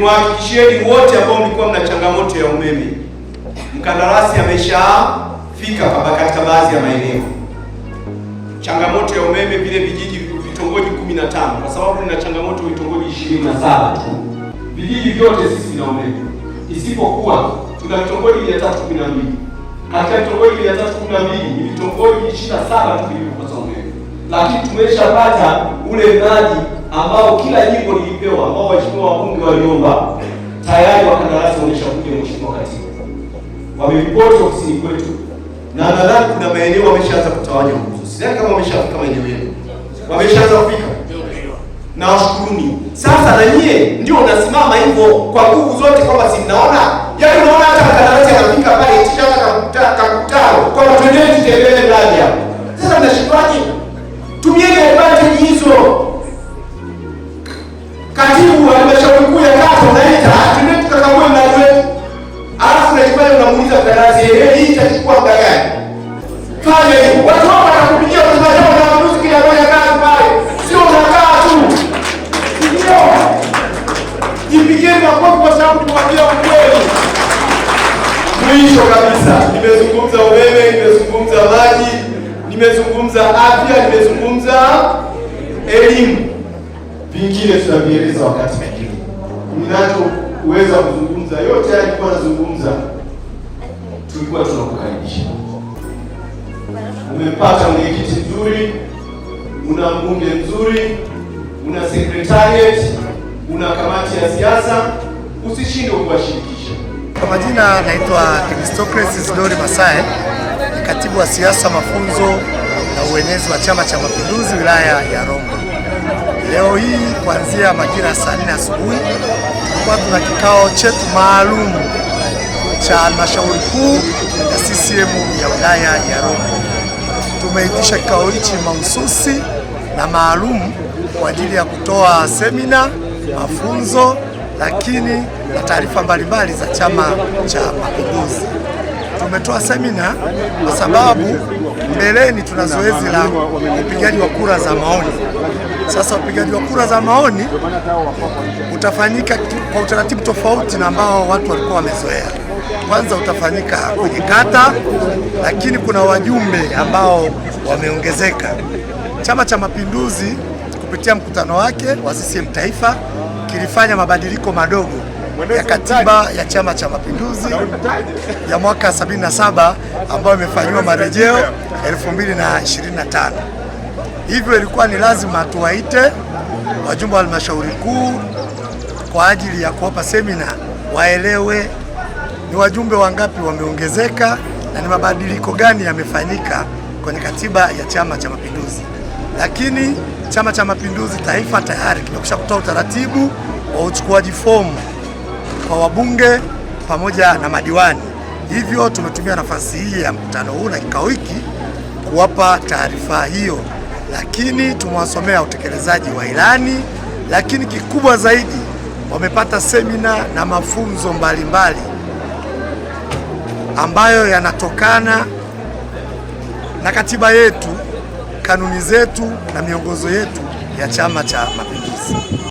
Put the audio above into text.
niwahakikishieni wote ambao mlikuwa mna changamoto ya umeme, mkandarasi ameshafika katika baadhi ya maeneo. Changamoto ya umeme vile vijiji vitongoji 15 kwa sababu nina changamoto vitongoji 27 tu, vijiji vyote sisi vina umeme, isipokuwa tuna vitongoji 312 katika vitongoji 312 ni vitongoji 27 tu lakini tumeshapata ule mradi ambao kila jimbo lilipewa, ambao waheshimiwa wabunge waliomba tayari, wakandarasi wameshakuja, Mheshimiwa Katibu, wameripoti ofisini kwetu, na nadhani kuna maeneo wameshaanza kutawanya nguzo. Sidhani kama wameshafika maeneo yenu, wameshaanza kufika na washukuruni. Sasa na nyie ndio unasimama hivyo kwa nguvu zote kwamba si mnaona pale, watoto wanakupikia kuzalisha na mtu kila moja kazi pale, sio unakaa tu. Ndio. Jipikie makofi kwa sababu tuwaambia ukweli. Mwisho kabisa, nimezungumza umeme, nimezungumza maji, nimezungumza afya, nimezungumza elimu. Vingine tutavieleza wakati mwingine. Ninacho uweza kuzungumza yote alikuwa anazungumza, tulikuwa tunakukaribisha umepata mwenyekiti mzuri, una mbunge mzuri, una secretariat, una kamati ya siasa, usishinde kuwashirikisha. Kwa majina naitwa Themistocles Isidori Masae, ni katibu wa siasa, mafunzo na uenezi wa Chama cha Mapinduzi wilaya ya Rombo. Leo hii kuanzia majira saa nne asubuhi tulikuwa tuna kikao chetu maalum cha halmashauri kuu ya CCM ya wilaya ya Rombo tumeitisha kikao hichi mahususi na maalum kwa ajili ya kutoa semina, mafunzo, lakini na taarifa mbalimbali za Chama cha Mapinduzi. Tumetoa semina kwa sababu mbeleni tuna zoezi la upigaji wa kura za maoni. Sasa upigaji wa kura za maoni utafanyika kwa utaratibu tofauti na ambao watu walikuwa wamezoea. Kwanza utafanyika kwenye kata, lakini kuna wajumbe ambao wameongezeka. Chama cha Mapinduzi kupitia mkutano wake wa CCM Taifa kilifanya mabadiliko madogo ya katiba ya Chama cha Mapinduzi ya mwaka 77 ambayo imefanyiwa marejeo 2025 hivyo ilikuwa ni lazima tuwaite wajumbe wa halmashauri kuu kwa ajili ya kuwapa semina, waelewe ni wajumbe wangapi wameongezeka na ni mabadiliko gani yamefanyika kwenye katiba ya Chama cha Mapinduzi. Lakini Chama cha Mapinduzi taifa tayari kimekwisha kutoa utaratibu wa uchukuaji fomu kwa wabunge pamoja na madiwani. Hivyo tumetumia nafasi hii ya mkutano huu na kikao hiki kuwapa taarifa hiyo lakini tumewasomea utekelezaji wa ilani, lakini kikubwa zaidi wamepata semina na mafunzo mbalimbali mbali, ambayo yanatokana na katiba yetu, kanuni zetu na miongozo yetu ya Chama cha Mapinduzi.